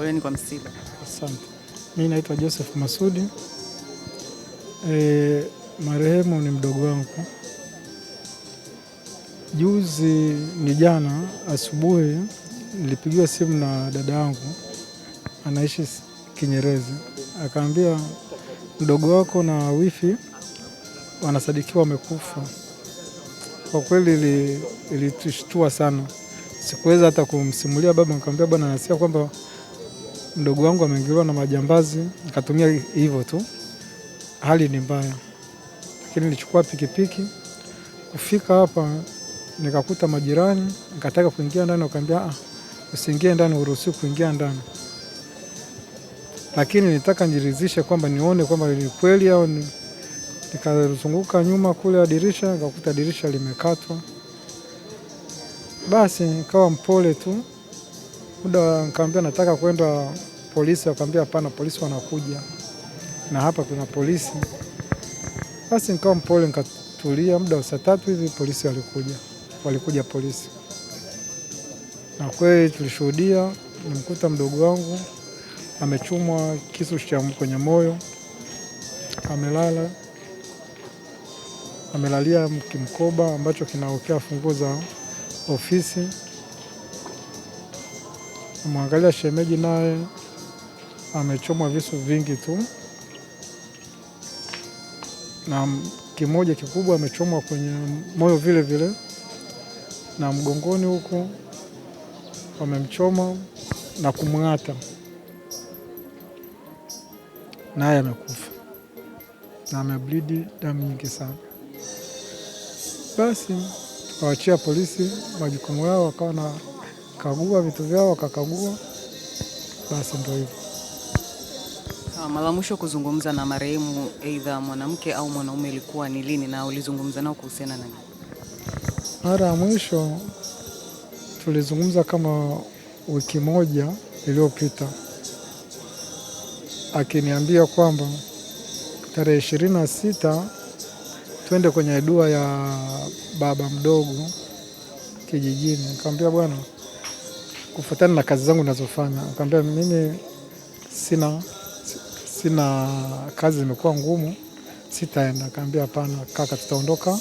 Poleni kwa msiba. Asante. Mimi naitwa Joseph Masudi. E, marehemu ni mdogo wangu. Juzi ni jana asubuhi nilipigiwa simu na dada yangu anaishi Kinyerezi, akaambia mdogo wako na wifi wanasadikiwa wamekufa. Kwa kweli ilitushtua sana, sikuweza hata kumsimulia baba. Nikamwambia bwana, nasikia kwamba Ndugu wangu ameingiliwa na majambazi, akatumia hivyo tu, hali ni mbaya, lakini nilichukua pikipiki. Kufika hapa nikakuta majirani, nikataka kuingia ndani, wakaambia ah, usiingie ndani, uruhusiwi kuingia ndani, lakini nitaka nijiridhishe kwamba nione kwamba ni kweli au ni nikazunguka nyuma kule ya dirisha nikakuta dirisha limekatwa. Basi nikawa mpole tu muda nikamwambia nataka kwenda polisi, wakaambia hapana, polisi wanakuja na hapa kuna polisi. Basi nikawa mpole, nikatulia. Muda wa saa tatu hivi polisi walikuja, walikuja polisi, na kweli tulishuhudia. Nimkuta mdogo wangu amechumwa kisu cha kwenye moyo, amelala amelalia kimkoba ambacho kinaokea funguo za ofisi. Mwangalia shemeji naye amechomwa visu vingi tu, na kimoja kikubwa amechomwa kwenye moyo vile vile, na mgongoni huko wamemchoma na kumng'ata, naye amekufa na amebridi damu nyingi sana. Basi tukawachia polisi majukumu yao, wakawa na kagua vitu vyao, wakakagua, basi ndio hivyo. Ah, mara mwisho kuzungumza na marehemu aidha mwanamke au mwanaume ilikuwa ni lini, na ulizungumza nao kuhusiana na nini? Mara ya mwisho tulizungumza kama wiki moja iliyopita, akiniambia kwamba tarehe ishirini na sita twende kwenye dua ya baba mdogo kijijini. Nikamwambia bwana kufuatana na kazi zangu ninazofanya. akaambia mimi sina, sina kazi zimekuwa ngumu, sitaenda. Akaambia hapana kaka, tutaondoka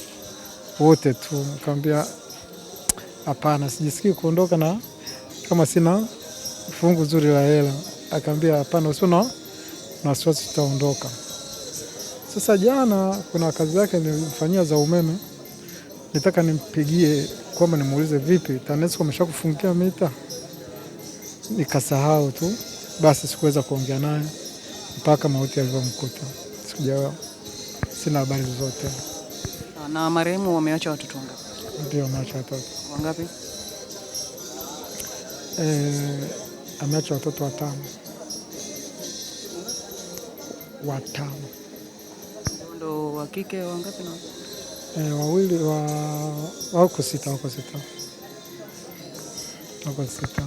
wote tu. akaambia hapana, sijisikii kuondoka na kama sina fungu zuri la hela. Akaambia hapana, usio na wasiwasi, tutaondoka. Sasa jana kuna kazi yake nilifanyia za umeme nitaka nimpigie kwamba nimuulize vipi, TANESCO ameshakufungia mita? Nikasahau tu basi, sikuweza kuongea naye mpaka mauti alivyomkuta, sikuja sina habari zozote. Ah, na marehemu wameacha watoto wangapi? Ndio, ameacha watoto wangapi? Eh, ameacha watoto watano. Watano. Ndio, wa kike wangapi na E, wawili wa wako sita, wako sita, wako sita,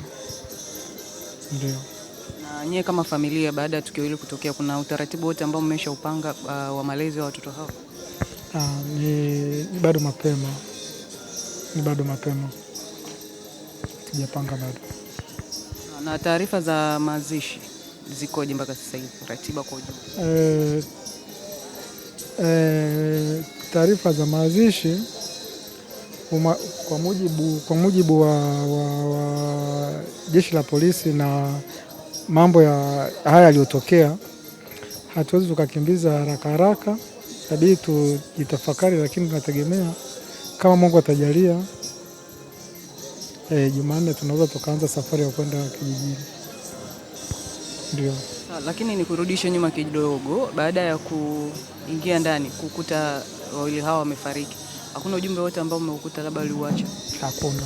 ndio. Na nyie kama familia, baada ya tukio hili kutokea, kuna utaratibu wote ambao upanga uh, wa malezi wa watoto hao? Ni, ah, ni bado mapema, ni bado mapema, tujapanga bado. Na taarifa za mazishi zikoje mpaka sasa hivi, ratiba kwa ujumla? Eh, eh, taarifa za mazishi uma, kwa mujibu, kwa mujibu wa, wa, wa jeshi la polisi na mambo ya haya yaliyotokea, hatuwezi tukakimbiza haraka haraka, inabidi tujitafakari, lakini tunategemea kama Mungu atajalia eh, Jumanne tunaweza tukaanza safari ya kwenda kijijini. Ndio, lakini ni kurudisha nyuma kidogo, baada ya kuingia ndani kukuta wawili hao wamefariki. Hakuna ujumbe wote ambao umeukuta labda uliuacha? Hakuna.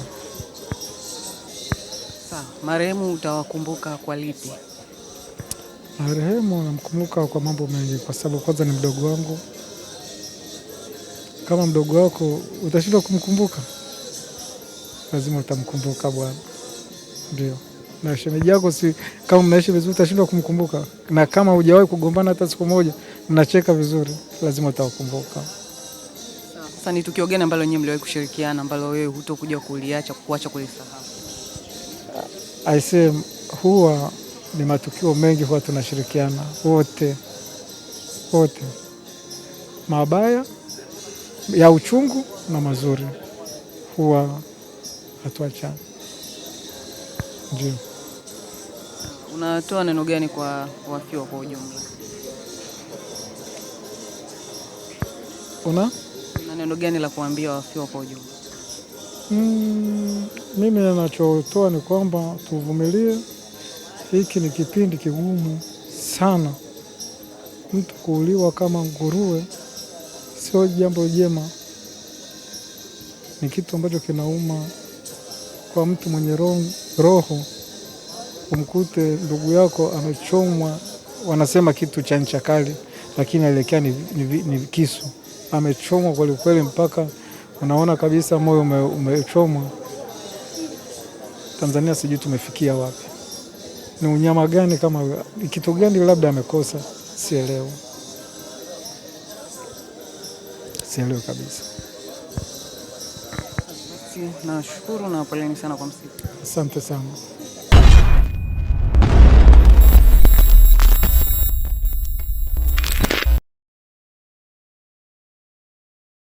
Sawa, marehemu utawakumbuka kwa lipi? Marehemu namkumbuka kwa mambo mengi, kwa sababu kwanza ni mdogo wangu. Kama mdogo wako utashindwa kumkumbuka, lazima utamkumbuka bwana. Ndio na shemeji yako, si kama mnaishi vizuri utashindwa kumkumbuka? Na kama hujawahi kugombana hata siku moja, mnacheka vizuri, lazima utawakumbuka. Sasa ni tukio gani ambalo nyinyi mliwahi kushirikiana ambalo wewe hutokuja kuliacha kuacha kulisahau? say huwa ni matukio mengi, huwa tunashirikiana wote wote, mabaya ya uchungu na mazuri, huwa hatuachana. Ndio. Unatoa neno gani kwa wafiwa kwa ujumla? una neno gani la kuambia wafiwa kwa ujumla? Mm, mimi ninachotoa ni kwamba tuvumilie, hiki ni kipindi kigumu sana. Mtu kuuliwa kama nguruwe sio jambo jema, ni kitu ambacho kinauma kwa mtu mwenye roho, umkute ndugu yako amechomwa, wanasema kitu cha ncha kali, lakini alielekea ni, ni, ni kisu amechomwa kwelikweli, mpaka unaona kabisa moyo umechomwa. Tanzania sijui tumefikia wapi, ni unyama gani? Kama kitu gani labda amekosa, sielewi, sielewi kabisa. Nashukuru na poleni sana kwa msiba. Asante sana.